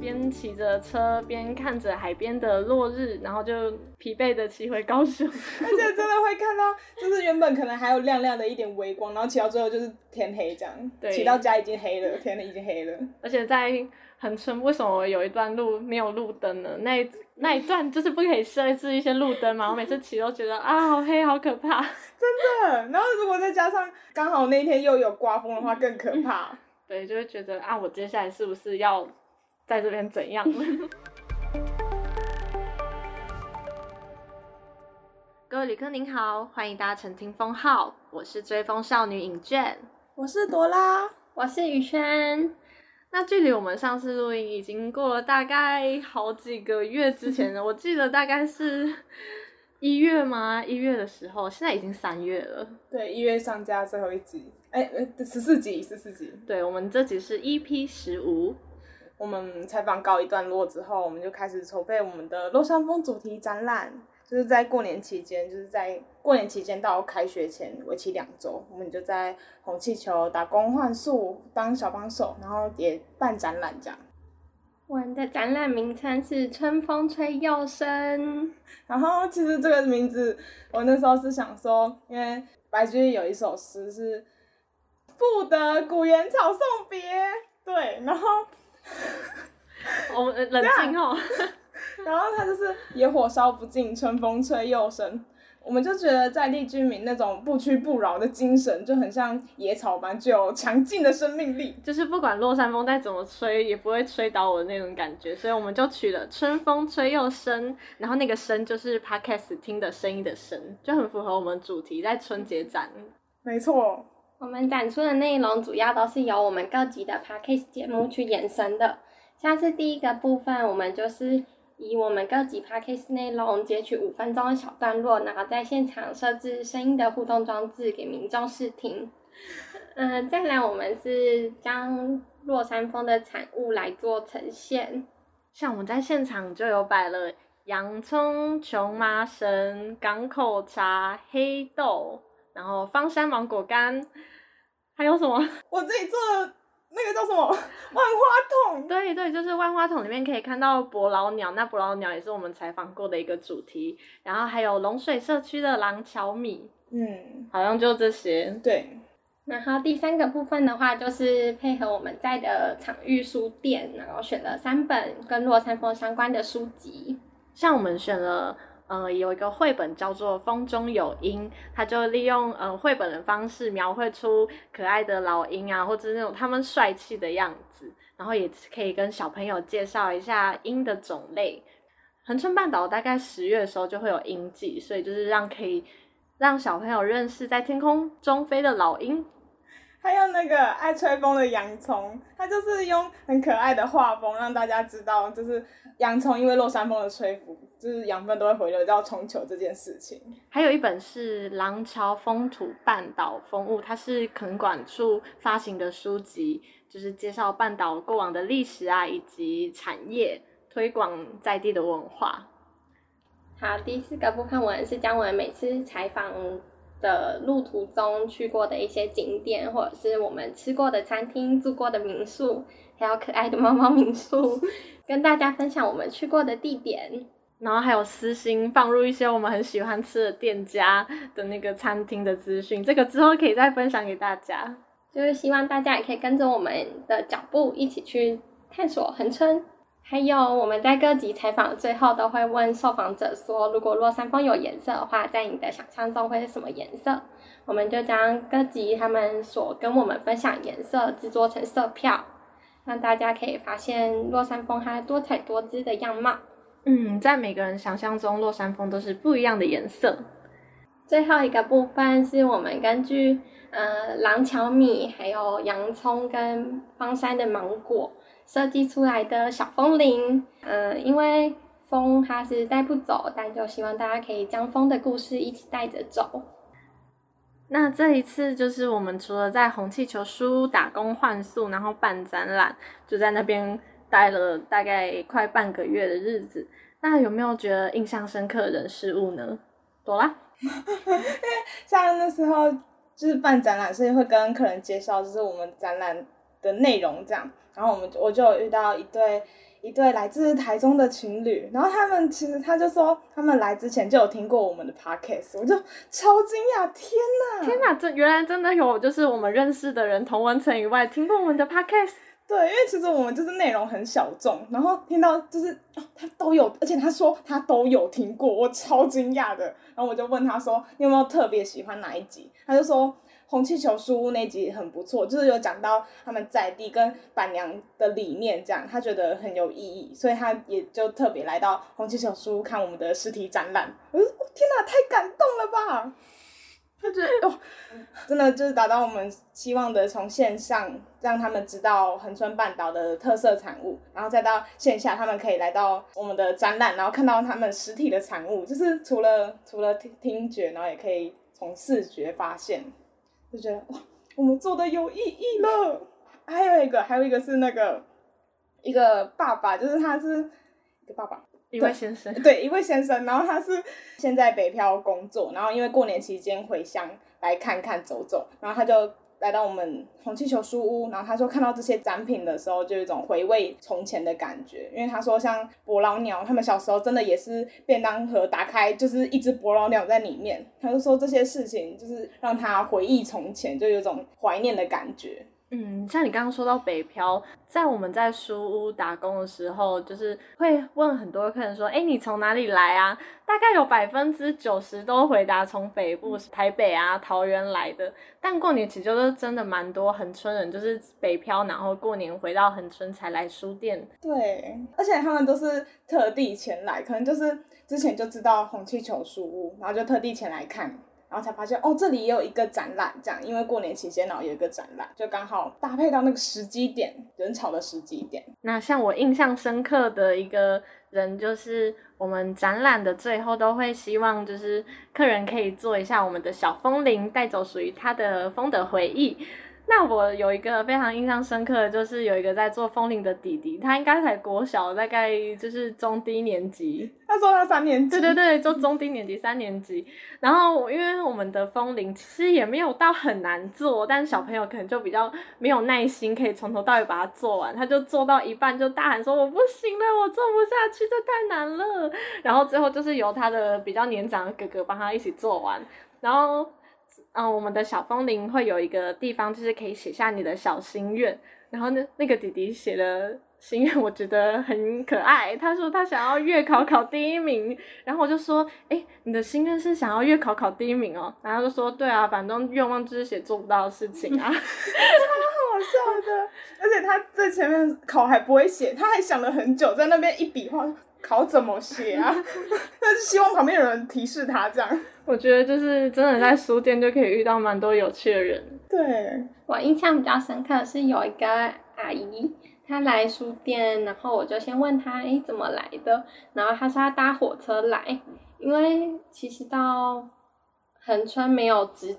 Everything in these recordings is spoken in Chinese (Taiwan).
邊騎着車邊看着海邊的落日，然後就疲憊的騎回高雄。而且真的會看到，就是原本可能還有亮亮的一點微光，然後騎到最後就是天黑這樣。對，騎到家已經黑了，天，天已經黑了。而且在恆春，為什麼我有一段路沒有路燈呢？那一那一段就是不可以設置一些路燈嘛？我每次騎都覺得啊，好黑，好可怕。真的。然後如果再加上剛好那天又有刮風的話，更可怕。對，就會覺得啊，我接下來是不是要？在這邊怎樣？ 各位旅客您好，歡迎大家乘聽風號，我是追風少女尹娟，我是朵拉，我是宇萱。那距離我們上次錄音已經過了大概好幾個月之前了， 我記得大概是一月嗎？一月的時候，現在已經三月了。對，一月上架最後一集，哎哎，十四集，十四集。對，我們這集是 EP 十五。我們採訪告一段落之後，我們就開始籌備我們的落山風主題展覽，就是在過年期間，就是在過年期間到開學前為期兩周，我們就在紅氣球打工換宿當小幫手，然後也辦展覽這樣。我們的展覽名稱是《春風吹又生》，然後其實這個名字我那時候是想說，因為白居易有一首詩是《賦得古原草送別》，對，然後。 我們冷靜哦。然後他就是“野火燒不盡，春風吹又生”。我們就覺得在地居民那種不屈不撓的精神，就很像野草般具有強勁的生命力。就是不管落山風再怎麼吹，也不會吹倒我的那種感覺。所以我們就取了“春風吹又生”，然後那個“聲”就是 Podcast 聽的聲音的“聲”，就很符合我們主題，在春節展。嗯、沒錯。我們展出的內容主要都是由我們各級的 podcast 節目去延伸的。像是第一個部分，我們就是以我們各級 podcast 內容截取五分鐘的小段落，然後在現場設置聲音的互動裝置給民眾試聽。嗯、呃，再來我們是將落山風的產物來做呈現。像我們在現場就有擺了洋蔥、瓊麻繩、港口茶、黑豆。然後枋山芒果乾，還有什麼？我自己做的那個叫什麼？萬花筒。 對對，就是萬花筒裡面可以看到伯勞鳥，那伯勞鳥也是我們採訪過的一個主題。然後還有龍水社區的瑯嶠米。嗯，好像就這些。對。然後第三個部分的話，就是配合我們在的場域書店，然後選了三本跟落山風相關的書籍，像我們選了。嗯、呃，有一個繪本叫做《風中有鷹》，它就利用嗯、呃、繪本的方式描繪出可愛的老鷹啊，或者是那種他們帥氣的樣子，然後也可以跟小朋友介紹一下鷹的種類。恆春半島大概十月的時候就會有鷹季，所以就是讓可以讓小朋友認識在天空中飛的老鷹。還有那個愛吹風的洋蔥，它就是用很可愛的畫風讓大家知道，就是洋蔥因為落山風的吹拂。就是養分都會回流到沖球這件事情。還有一本是《琅嶠風土半島風物》，它是墾管處發行的書籍，就是介紹半島過往的歷史啊，以及產業推廣在地的文化。好，第四個部分我們是將我們每次採訪的路途中去過的一些景點，或者是我們吃過的餐廳、住過的民宿，還有可愛的貓貓民宿， 跟大家分享我們去過的地點。然後還有私心放入一些我們很喜歡吃的店家的那個餐廳的資訊，這個之後可以再分享給大家。就是希望大家也可以跟着我們的腳步一起去探索恆春，還有我們在各集採訪最後都會問受訪者說，如果落山風有顏色的話，在你的想象中會是什麼顏色？我們就將各集他們所跟我們分享顏色製作成色票，讓大家可以發現落山風它多彩多姿的樣貌。嗯，在每個人想象中，落山風都是不一樣的顏色。最後一個部分是我們根據呃廊橋米、還有洋蔥跟枋山的芒果設計出來的小風鈴。呃，因為風它是帶不走，但就希望大家可以將風的故事一起帶着走。那這一次就是我們除了在紅氣球書屋打工換宿，然後辦展覽，就在那邊。待了大概快半個月的日子，那有沒有覺得印象深刻的人事物呢？多啦， 因為像那時候就是辦展覽，所以會跟客人介紹就是我們展覽的內容這樣。然後我們我就有遇到一對一對來自台中的情侶，然後他們其實他就說他們來之前就有聽過我們的 podcast，我就超驚訝，天哪，天哪，這原來真的有就是我們認識的人，同溫層以外聽過我們的 podcast。對，因為其實我們就是內容很小眾，然後聽到就是哦，他都有，而且他說他都有聽過，我超驚訝的。然後我就問他說，你有沒有特別喜歡哪一集？他就說《紅氣球書屋》那集很不錯，就是有講到他們在地跟板娘的理念這樣，他覺得很有意義，所以他也就特別來到《紅氣球書屋》看我們的實體展覽。我說，哦，天哪，太感動了吧！他覺得哇、哦，真的就是達到我們希望的，從線上讓他們知道恆春半島的特色產物，然後再到線下，他們可以來到我們的展覽，然後看到他們實體的產物，就是除了除了聽聽覺，然後也可以從視覺發現，就覺得哇，我們做的有意義了。還有一個還有一個是那個一個爸爸，就是他是一個爸爸。一位先生對，對一位先生，然後他是現在北漂工作，然後因為過年期間回鄉來看看走走，然後他就來到我們紅氣球書屋，然後他說看到這些展品的時候，就有一種回味從前的感覺，因為他說像伯勞鳥，他們小時候真的也是便當盒打開就是一只伯勞鳥在裡面，他就說這些事情就是讓他回憶從前，就有一種懷念的感覺。嗯，像你剛剛說到北漂，在我們在書屋打工的時候，就是會問很多客人說：“哎、欸，你從哪裡來啊？”大概有百分之九十都回答從北部、嗯、台北啊、桃園來的。但過年其實都真的蠻多恆春人，就是北漂，然後過年回到恆春才來書店。對，而且他們都是特地前來，可能就是之前就知道紅氣球書屋，然後就特地前來看。然後才發現哦，這裡也有一個展覽，這樣。因為過年期間，然後有一個展覽，就剛好搭配到那個時機點，人潮的時機點。那像我印象深刻的一個人，就是我們展覽的最後都會希望，就是客人可以做一下我們的小風鈴，帶走屬於他的風的回憶。那我有一個非常印象深刻的，就是有一個在做風鈴的弟弟，他應該才國小，大概就是中低年級。他說他三年級。對對對，就中低年級 三年級。然後因為我們的風鈴其實也沒有到很難做，但小朋友可能就比較沒有耐心，可以從頭到尾把它做完。他就做到一半就大喊說：“我不行了，我做不下去，這太難了。”然後最後就是由他的比較年長的哥哥幫他一起做完。然後。嗯、哦，我們的小風鈴會有一個地方，就是可以寫下你的小心願。然後那那個弟弟寫的心願我覺得很可愛。他說他想要月考考第一名。然後我就說，哎，你的心願是想要月考考第一名哦？然後他就說，對啊，反正願望就是寫做不到的事情啊，超好笑的。而且他在前面考還不會寫，他還想了很久，在那邊一筆畫考怎麼寫啊？他是希望旁邊有人提示他這樣。我覺得就是真的在書店就可以遇到蠻多有趣的人。對，我印象比較深刻的是有一個阿姨，她來書店，然後我就先問她，哎、欸，怎麼來的？然後她說她搭火車來，因為其實到恆春沒有直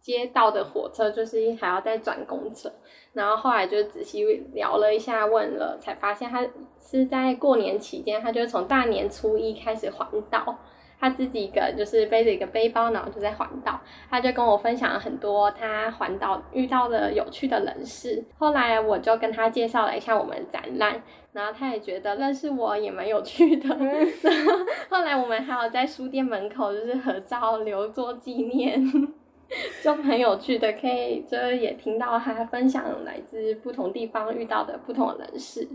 接到的火車，就是還要再轉公車。然後後來就仔細聊了一下，問了才發現她是在過年期間，她就從大年初一開始環島。他自己一個就是背着一個背包，然後就在環島。他就跟我分享了很多他環島遇到的有趣的人事。後來我就跟他介紹了一下我們展覽，然後他也覺得認識我也蠻有趣的。然、嗯、後 後來我們還有在書店門口就是合照留作紀念，就很有趣的，可以就是也聽到他分享來自不同地方遇到的不同的人事。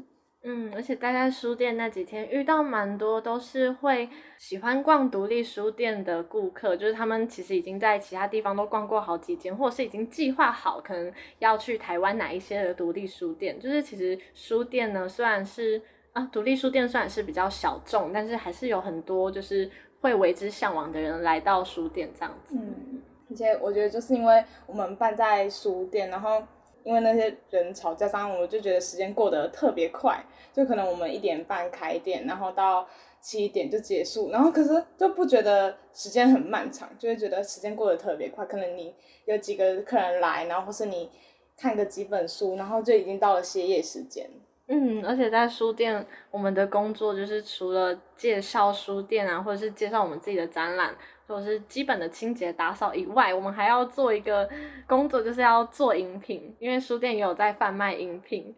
嗯，而且待在書店那幾天，遇到蠻多都是會喜歡逛獨立書店的顧客，就是他們其實已經在其他地方都逛過好幾間，或者是已經計劃好可能要去台灣哪一些的獨立書店。就是其實書店呢，雖然是啊，獨立書店雖然是比較小眾，但是還是有很多就是會為之嚮往的人來到書店這樣子。嗯，而且我覺得就是因為我們辦在書店，然後。因為那些人吵架，加上我就覺得時間過得特別快，就可能我們一點半開店，然後到七點就結束，然後可是就不覺得時間很漫長，就會覺得時間過得特別快。可能你有幾個客人來，然後或是你看個幾本書，然後就已經到了歇業時間。嗯，而且在書店，我們的工作就是除了介紹書店啊，或者是介紹我們自己的展覽，或者是基本的清潔打掃以外，我們還要做一個工作，就是要做飲品，因為書店也有在販賣飲品。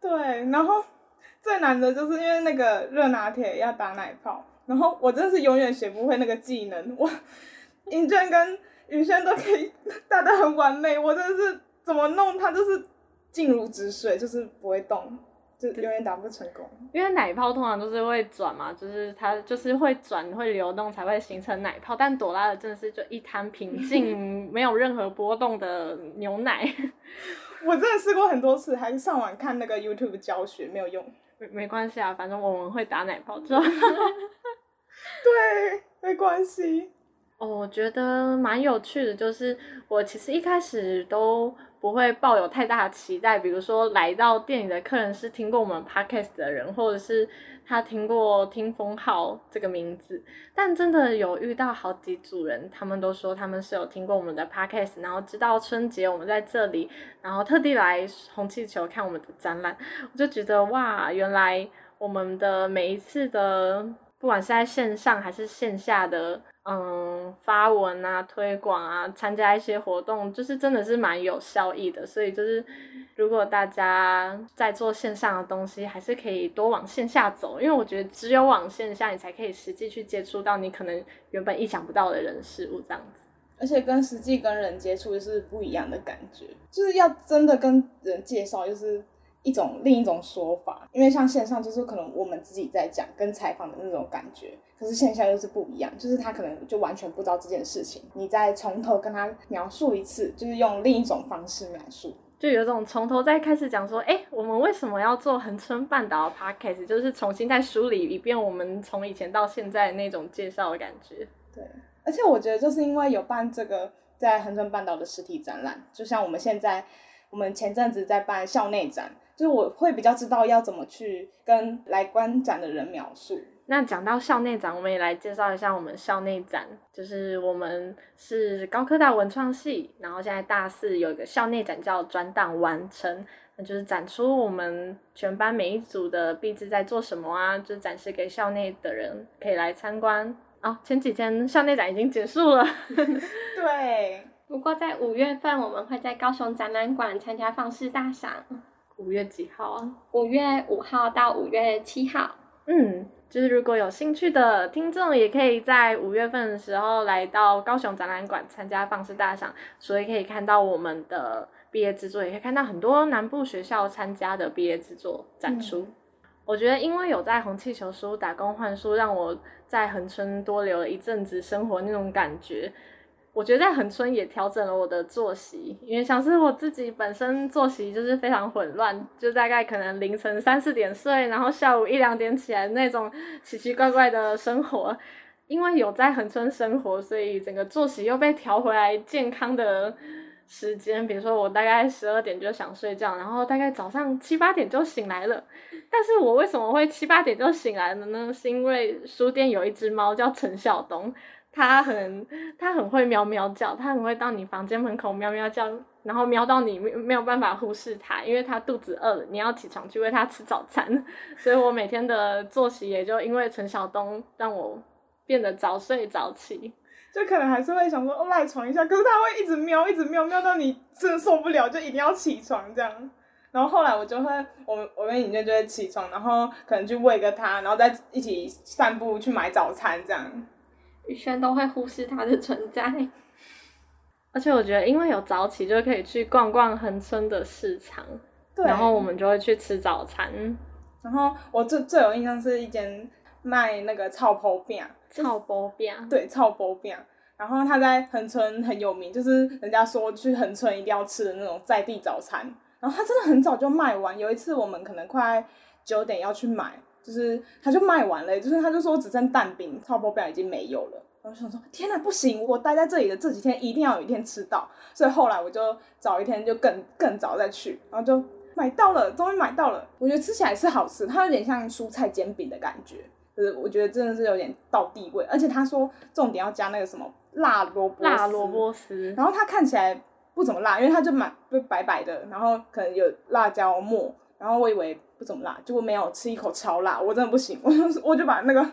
對，然後最難的就是因為那個熱拿鐵要打奶泡，然後我真是永遠學不會那個技能。我尹軒 跟雨軒都可以打的很完美，我真是怎麼弄他都、就是。靜如止水，就是不會動，就永遠打不成功。因為奶泡通常都是會轉嘛，就是它就是會轉會流動才會形成奶泡。但朵拉的真的是就一灘平靜 沒有任何波動的牛奶。我真的試過很多次，還是上網看那個 YouTube 教學沒有用。沒沒關係啊，反正我們會打奶泡。 對，沒關係。哦，oh，我覺得蠻有趣的，就是我其實一開始都。不會抱有太大的期待，比如說來到店裡的客人是聽過我們 podcast 的人，或者是他聽過“聽風號”這個名字。但真的有遇到好幾組人，他們都說他們是有聽過我們的 podcast，然後知道春節我們在這裡，然後特地來紅氣球看我們的展覽。我就覺得哇，原來我們的每一次的。不管是在線上還是線下的，嗯，發文啊、推廣啊、參加一些活動，就是真的是蠻有效益的。所以就是，如果大家在做線上的東西，還是可以多往線下走，因為我覺得只有往線下，你才可以實際去接觸到你可能原本意想不到的人事物這樣子。而且跟實際跟人接觸是不一樣的感覺，就是要真的跟人介紹，就是。一種另一種說法，因為像線上就是可能我們自己在講跟採訪的那種感覺，可是線下又是不一樣，就是他可能就完全不知道這件事情，你再從頭跟他描述一次，就是用另一種方式描述，就有種從頭再開始講說，哎，我們為什麼要做恆春半島的 Podcast，就是重新再梳理一遍我們從以前到現在那種介紹的感覺。對，而且我覺得就是因為有辦這個在恆春半島的實體展覽，就像我們現在我們前陣子在辦校內展。就我會比較知道要怎麼去跟來觀展的人描述。那講到校內展，我們也來介紹一下我們校內展，就是我們是高科大文創系，然後現在大四有一個校內展叫轉檔完成，那就是展出我們全班每一組的畢製在做什麼啊，就是、展示給校內的人可以來參觀。哦，前幾天校內展已經結束了， 對。不過在五月份，我們會在高雄展覽館參加放肆大賞。五月幾號啊？五月五號到五月七號。嗯，就是如果有興趣的聽眾，也可以在五月份的時候來到高雄展覽館參加放視大賞，所以可以看到我們的畢業製作，也可以看到很多南部學校參加的畢業製作展出，嗯。我覺得，因為有在紅氣球書屋打工換書，讓我在恆春多留了一陣子生活那種感覺。我覺得在恆春也調整了我的作息，因為想是我自己本身作息就是非常混亂，就大概可能凌晨三四點睡，然後下午一兩點起來那種奇奇怪怪的生活。因為有在恆春生活，所以整個作息又被調回來健康的時間。比如說我大概十二點就想睡覺，然後大概早上七八點就醒來了。但是我為什麼會七八點就醒來了呢？是因為書店有一只貓叫陳曉東。他很，他很會喵喵叫，他很會到你房間門口喵喵叫，然後喵到你沒有辦法忽視他，因為他肚子餓了，你要起床去餵他吃早餐。所以我每天的作息也就因為陳曉東讓我變得早睡早起。就可能還是會想說哦，賴床一下，可是他會一直喵一直喵，喵到你真的受不了，就一定要起床這樣。然後後來我就會，我我跟尹娟就會起床，然後可能就餵個它，然後再一起散步去買早餐這樣。雨軒都會忽視它的存在，而且我覺得，因為有早起，就可以去逛逛恆春的市場，然後我們就會去吃早餐。嗯、然後我最最有印象是一間賣那個草坡餅，草坡餅，對，草坡餅。然後他在恆春很有名，就是人家說去恆春一定要吃的那種在地早餐。然後他真的很早就賣完，有一次我們可能快九點要去買。就是他就賣完了，就是他就說只剩蛋餅，炒鍋餅已經沒有了。然後我想說天哪，不行，我待在這裡的這幾天，一定要有一天吃到。所以後來我就早一天就更更早再去，然後就買到了，終於買到了。我覺得吃起來是好吃，它有點像蔬菜煎餅的感覺，就是我覺得真的是有點道地味，而且他說重點要加那個什麼辣蘿蔔絲，辣蘿蔔絲。然後它看起來不怎麼辣，因為它就蠻就白白的，然後可能有辣椒末。然後我以為不怎麼辣，結果沒有吃一口超辣，我真的不行，我就我就把那個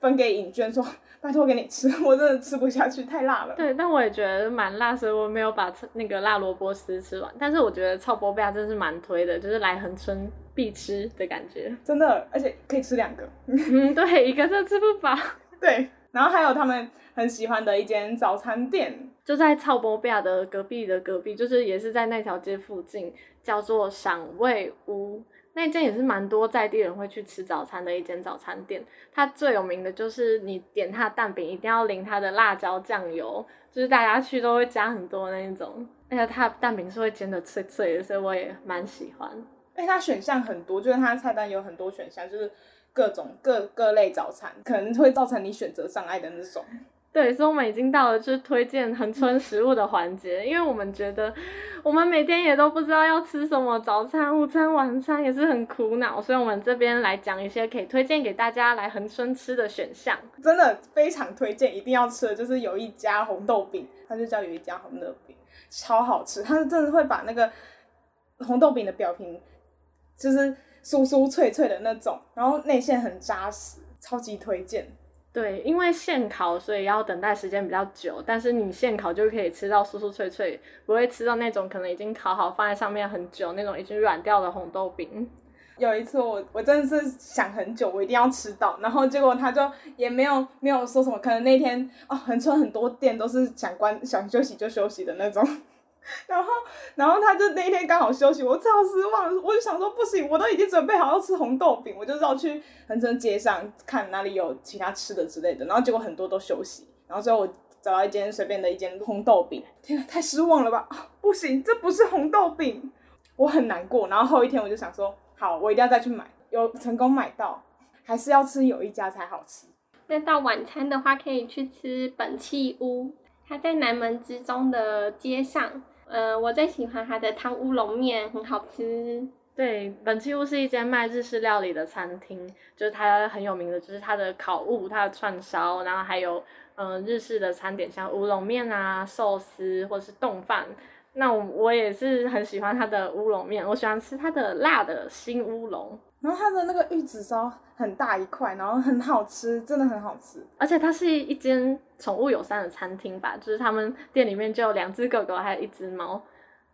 分給尹娟說，拜托給你吃，我真的吃不下去，太辣了。對，但我也覺得蠻辣，所以我沒有把那個辣蘿蔔絲吃完。但是我覺得超波貝亞真的是蠻推的，就是來恆春必吃的感覺，真的，而且可以吃兩個。 嗯，對，一個都吃不飽。對，然後還有他們很喜歡的一間早餐店，就在超波貝亞的隔壁的隔壁，就是也是在那條街附近。叫做賞味屋，那間也是蠻多在地人會去吃早餐的一間早餐店，它最有名的就是你點它的蛋餅一定要淋它的辣椒醬油，就是大家去都會加很多的那種，而且它的蛋餅是會煎得脆脆的，所以我也蠻喜歡。哎、欸，它選項很多，就是它菜單有很多選項，就是各種各各類早餐，可能會造成你選擇障礙的那種。對，所以我們已經到了就是推薦恆春食物的環節，嗯，因為我們覺得我們每天也都不知道要吃什麼，早餐、午餐、晚餐也是很苦惱，所以我們這邊來講一些可以推薦給大家來恆春吃的選項。真的非常推薦，一定要吃的就是有一家紅豆餅，它就叫有一家紅豆餅，超好吃，它是真的會把那個紅豆餅的表皮就是酥酥脆脆的那種，然後內餡很扎實，超級推薦。對，因為現烤，所以要等待時間比較久。但是你現烤就可以吃到酥酥脆脆，不會吃到那種可能已經烤好放在上面很久那種已經軟掉的紅豆餅。有一次我我真的是想很久，我一定要吃到，然後結果他就也沒有沒有說什麼。可能那天哦，恆春很多店都是想關想休息就休息的那種。然後，然後他就那一天剛好休息，我超失望。我就想說不行，我都已經準備好要吃紅豆餅，我就繞去恆春街上看哪裡有其他吃的之類的。然後結果很多都休息。然後最後我找到一間隨便的一間紅豆餅，天啊，太失望了吧，啊！不行，這不是紅豆餅，我很難過。然後後一天我就想說好，我一定要再去買，有成功買到，還是要吃有一家才好吃。那到晚餐的話，可以去吃本氣屋，它在南門之中的街上。嗯、呃，我最喜歡它的湯烏龍麵，很好吃。對，本棲屋是一間賣日式料理的餐廳，就是它很有名的，就是它的烤物、它的串燒，然後還有嗯、呃、日式的餐點，像烏龍麵啊、壽司或者是丼飯。那我我也是很喜歡它的烏龍麵，我喜歡吃它的辣的新烏龍，然後它的那個玉子燒很大一塊，然後很好吃，真的很好吃。而且它是一間寵物友善的餐廳吧，就是他們店裡面就有兩只狗狗，還有一只貓。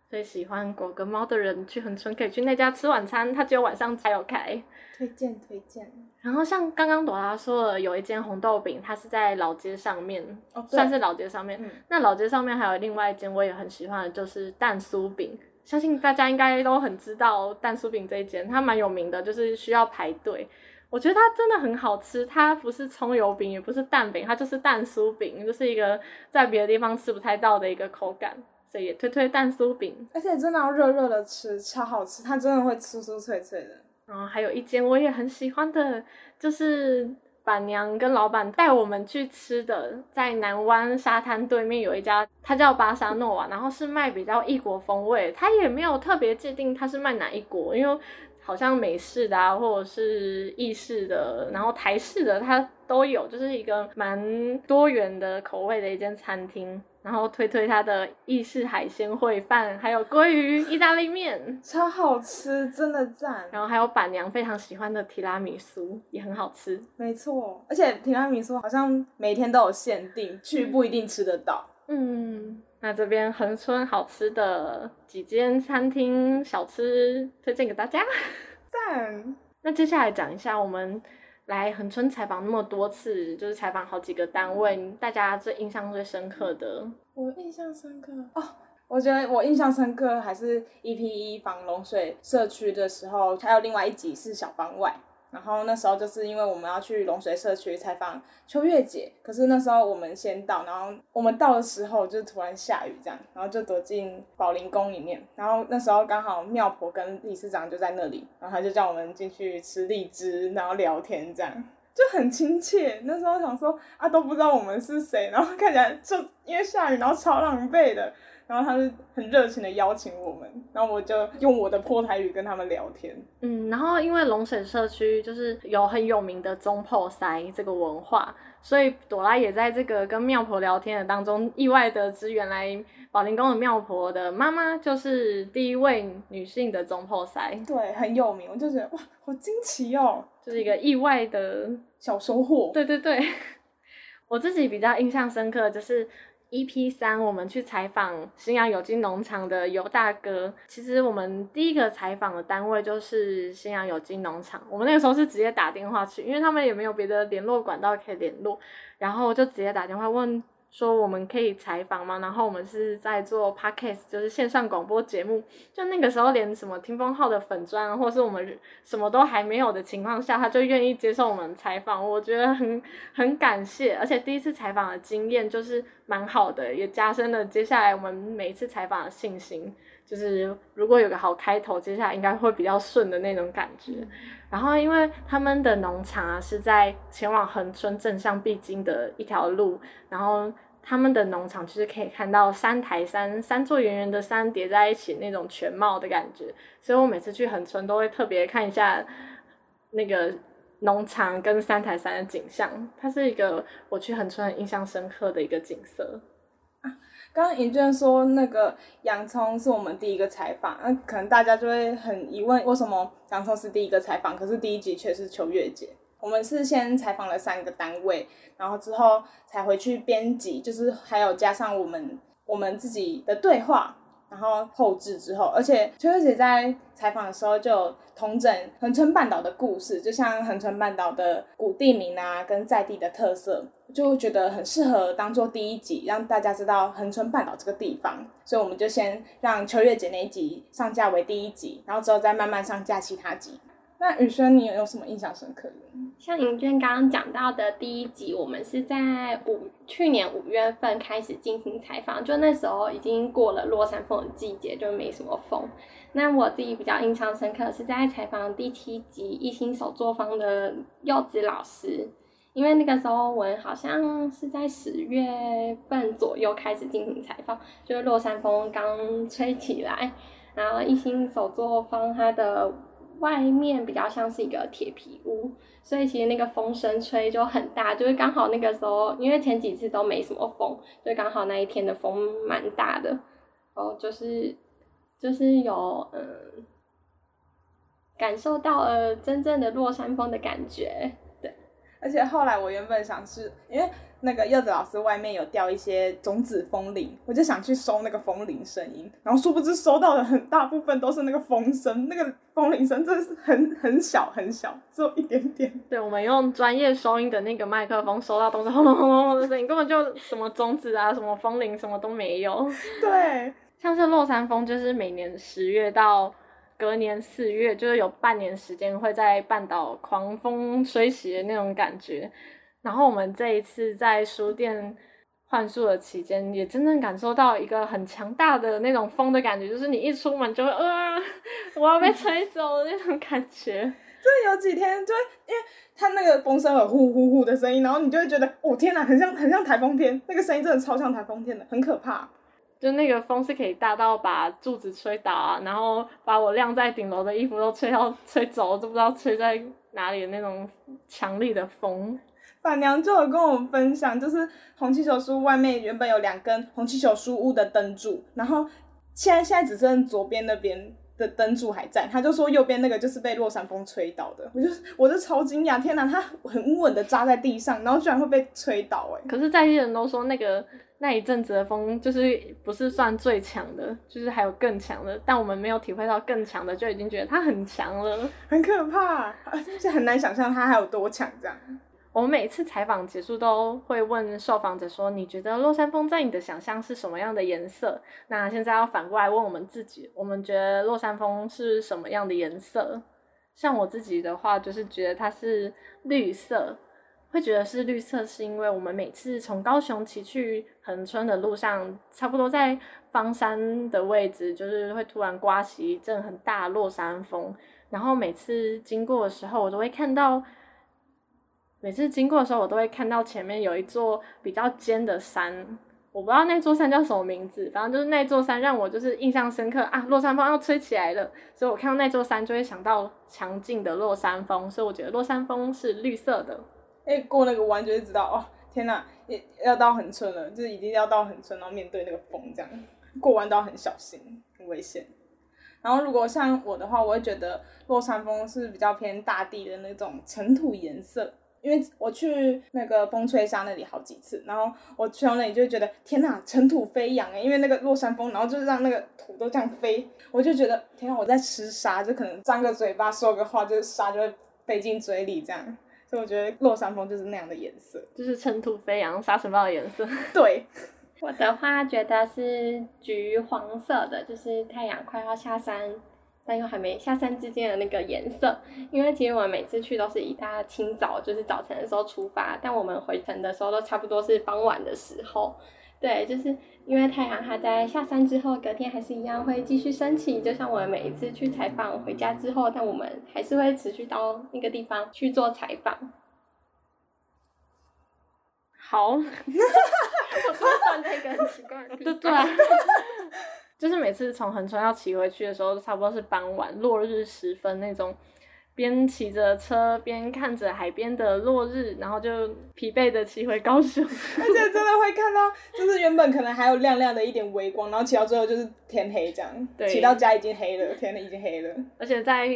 所以喜歡果跟貓的人去恆春，很可以去那家吃晚餐，它只有晚上才有開。推薦推薦。然後像剛剛朵拉說的，有一間紅豆餅，它是在老街上面，哦、算是老街上面、嗯。那老街上面還有另外一間，我也很喜歡的就是蛋酥餅。相信大家應該都很知道蛋酥餅這一間，它蠻有名的，就是需要排隊。我覺得它真的很好吃，它不是蔥油餅，也不是蛋餅，它就是蛋酥餅，就是一個在別的地方吃不太到的一個口感。也推推蛋酥餅，而且真的要熱熱的吃超好吃，它真的會酥酥脆脆的。然後還有一間我也很喜歡的，就是板娘跟老板帶我們去吃的，在南灣沙灘對面有一家，它叫巴沙諾瓦，然後是賣比較異國風味。它也沒有特別界定它是賣哪一國，因為好像美式的啊，或者是意式的，然後台式的它都有，就是一個蠻多元的口味的一間餐廳。然後推推他的意式海鮮燴飯，還有鮭魚意大利麵，超好吃，真的讚。然後還有板娘非常喜歡的提拉米蘇，也很好吃。沒錯，而且提拉米蘇好像每天都有限定，去不一定吃得到。嗯，嗯，那這邊恆春好吃的幾間餐廳小吃推薦給大家，讚。 那接下來講一下我們。來恆春採訪那麼多次，就是採訪好幾個單位，嗯，大家最印象最深刻的，我印象深刻哦。Oh, 我覺得我印象深刻還是 EP1 防龍水社區的時候，還有另外一集是小方外。然後那時候就是因為我們要去龍水社區採訪秋月姐，可是那時候我們先到，然後我們到的時候就是突然下雨這樣，然後就躲進寶林宮裡面，然後那時候剛好廟婆跟理事長就在那裡，然後他就叫我們進去吃荔枝，然後聊天這樣。就很親切，那時候想說啊，都不知道我們是誰，然後看起來就因為下雨，然後超狼狽的，然後他就很熱情的邀請我們，然後我就用我的破台語跟他們聊天，嗯，然後因為龍水社區就是有很有名的中破三這個文化。所以朵拉也在這個跟妙婆聊天的當中，意外得知原來保蓮宮的妙婆的媽媽就是第一位女性的總舖師。對，很有名，我就覺得哇，好驚奇哦，就是一個意外的、嗯、小收穫。對對對，我自己比較印象深刻就是 EP3，我們去採訪新陽有機農場的尤大哥。其實我們第一個採訪的單位就是新陽有機農場。我們那個時候是直接打電話去，因為他們也沒有別的聯絡管道可以聯絡，然後就直接打電話問。說我們可以採訪嗎？然後我們是在做 Podcast，就是線上廣播節目。就那個時候，連什麼聽風號的粉專，或是我們什麼都還沒有的情況下，他就願意接受我們採訪，我覺得很很感謝。而且第一次採訪的經驗就是蠻好的，也加深了接下來我們每一次採訪的信心。就是如果有個好開頭，接下來應該會比較順的那種感覺。嗯、然後，因為他們的農場、啊、是在前往恆春鎮上必經的一條路，然後。他們的農場其實可以看到三台山，三座圓圓的山疊在一起那種全貌的感覺，所以我每次去恆春都會特別看一下那個農場跟三台山的景象，它是一個我去恆春很印象深刻的一個景色。啊，剛剛尹娟說那個洋蔥是我們第一個採訪，那可能大家就會很疑問，為什麼洋蔥是第一個採訪，可是第一集卻是秋月姐。我們是先採訪了三個單位，然後之後才回去編輯，就是還有加上我們我們自己的對話，然後後製之後，而且秋月姐在採訪的時候就有統整恆春半島的故事，就像恆春半島的古地名啊，跟在地的特色，就覺得很適合當做第一集，讓大家知道恆春半島這個地方，所以我們就先讓秋月姐那一集上架為第一集，然後之後再慢慢上架其他集。那雨軒，你有什麼印象深刻的？像尹娟剛剛講到的第一集，我們是在五去年五月份開始進行採訪，就那時候已經過了落山風的季節，就沒什麼風。那我自己比較印象深刻，是在採訪第七集一心手作坊的柚子老師，因為那個時候我們好像是在十月份左右開始進行採訪，就是、落山風剛吹起來，然後一心手作坊他的。外面比較像是一個鐵皮屋，所以其實那個風聲吹就很大，就是剛好那個時候，因為前幾次都沒什麼風，所以剛好那一天的風蠻大的，哦，就是就是有嗯，感受到了真正的落山風的感覺。而且後來我原本想去，因為那個柚子老師外面有掉一些種子風鈴，我就想去收那個風鈴聲音，然後殊不知收到的很大部分都是那個風聲，那個風鈴聲真的是很很小很小，很小只有一點點。對，我們用專業收音的那個麥克風收到都是轟隆轟隆隆的聲音，根本就什麼種子啊、 什麼風鈴什麼都沒有。對，像是落山風就是每年十月到。隔年四月，就是有半年時間會在半島狂風吹襲的那種感覺。然後我們這一次在書店換宿的期間，也真正感受到一個很強大的那種風的感覺，就是你一出門就會，啊，我要被吹走的那種感覺。就 有幾天，就會因為它那個風聲有呼呼呼的聲音，然後你就會覺得，哦，天吶，很像很像颱風天，那個聲音真的超像颱風天的，很可怕。就那個風是可以大到把柱子吹倒啊，然後把我晾在頂樓的衣服都吹到吹走，都不知道吹在哪裡的那種強力的風。板娘就有跟我分享，就是紅氣球書屋外面原本有兩根紅氣球書屋的燈柱，然後現在現在只剩左邊那邊的燈柱還在，他就說右邊那個就是被落山風吹倒的。我就我就超驚訝，天哪，他很穩穩的扎在地上，然後居然會被吹倒哎、欸！可是在地人都說那個。那一陣子的風就是不是算最強的，就是還有更強的，但我們沒有體會到更強的，就已經覺得它很強了，很可怕啊！是很難想象它還有多強這樣。我們每次採訪結束都會問受訪者說：“你覺得落山風在你的想象是什麼樣的顏色？”那現在要反過來問我們自己：我們覺得落山風是什麼樣的顏色？像我自己的話，就是覺得它是綠色。會覺得是綠色，是因為我們每次從高雄騎去恆春的路上，差不多在枋山的位置，就是會突然颳起一陣很大的落山風。然後每次經過的時候，我都會看到，每次經過的時候，我都會看到前面有一座比較尖的山。我不知道那座山叫什麼名字，反正就是那座山讓我就是印象深刻啊，落山風要吹起來了。所以我看到那座山就會想到強勁的落山風，所以我覺得落山風是綠色的。哎，過那個彎就會知道哦，天哪，也要到恆春了，就是、已經要到恆春，然後面對那個風這樣，過彎道很小心，很危險。然後如果像我的話，我會覺得落山風是比較偏大地的那種塵土顏色，因為我去那個風吹沙那裡好幾次，然後我去到那裡就會覺得天哪，塵土飛揚誒、欸，因為那個落山風，然後就是讓那個土都這樣飛，我就覺得天哪，我在吃沙，就可能張個嘴巴說個話，就沙就會飛進嘴裡這樣。所以我覺得，落山風就是那樣的顏色，就是塵土飛揚、沙塵暴的顏色。對，我的話覺得是橘黃色的，就是太陽快要下山，但又還沒下山之間的那個顏色。因為其實我們每次去都是一大清早，就是早晨的時候出發，但我們回程的時候都差不多是傍晚的時候。對，就是因為太陽它在下山之後，隔天還是一樣會繼續升起。就像我們每一次去採訪，回家之後，但我們還是會持續到那個地方去做採訪。好， 我說的算 那個很奇怪， 對對、啊，就是每次從恆春要騎回去的時候，差不多是傍晚落日時分那種。邊騎着車邊看着海邊的落日，然後就疲憊的騎回高雄，而且真的會看到，就是原本可能還有亮亮的一點微光，然後騎到最後就是天黑這樣，對，騎到家已經黑了，天已經黑了。而且在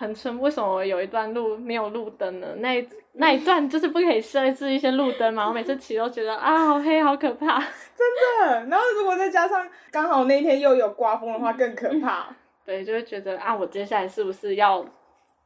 恆春，為什麼我有一段路沒有路燈呢？那一那一段就是不可以設置一些路燈嘛？我每次騎都覺得 啊，好黑，好可怕，真的。然後如果再加上剛好那天又有刮風的話，更可怕。嗯、對，就會覺得啊，我接下來是不是要？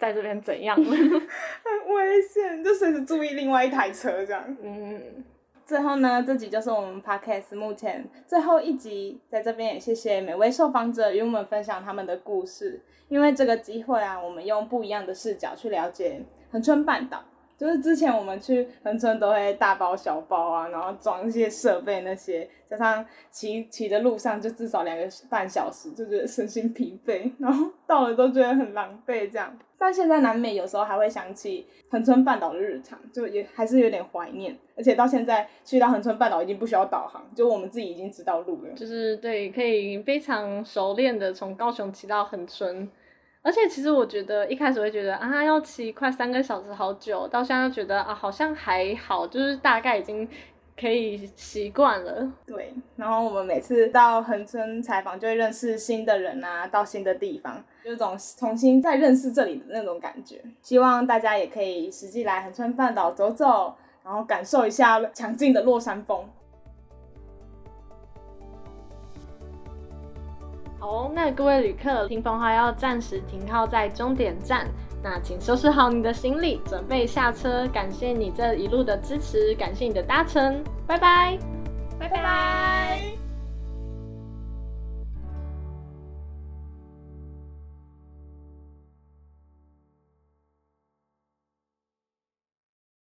在這邊怎樣？ 很危險，就隨時注意另外一台車這樣嗯。嗯。最後呢，這集就是我們 podcast 目前最後一集，在這邊也謝謝每位受訪者與我們分享他們的故事，因為這個機會啊，我們用不一樣的視角去了解恆春半島。就是之前我們去恆春都會大包小包啊，然後裝一些設備那些，加上騎騎的路上就至少兩個半小時，就覺得身心疲憊，然後到了都覺得很狼狽這樣。但現在難免有時候還會想起恆春半島的日常，就也還是有點懷念。而且到現在去到恆春半島已經不需要導航，就我們自己已經知道路了。就是對，可以非常熟練的從高雄騎到恆春。而且其實我覺得一開始會覺得啊，要騎快三個小時好久，到現在覺得啊，好像還好，就是大概已經可以習慣了。對，然後我們每次到恆春採訪，就會認識新的人啊，到新的地方，有種重新再認識這裡的那種感覺。希望大家也可以實際來恆春半島走走，然後感受一下強勁的落山風。哦、oh，那各位旅客，聽風號要暫時停靠在終點站，那請收拾好你的行李，準備下車。感謝你這一路的支持，感謝你的搭乘，拜拜，拜拜。Bye bye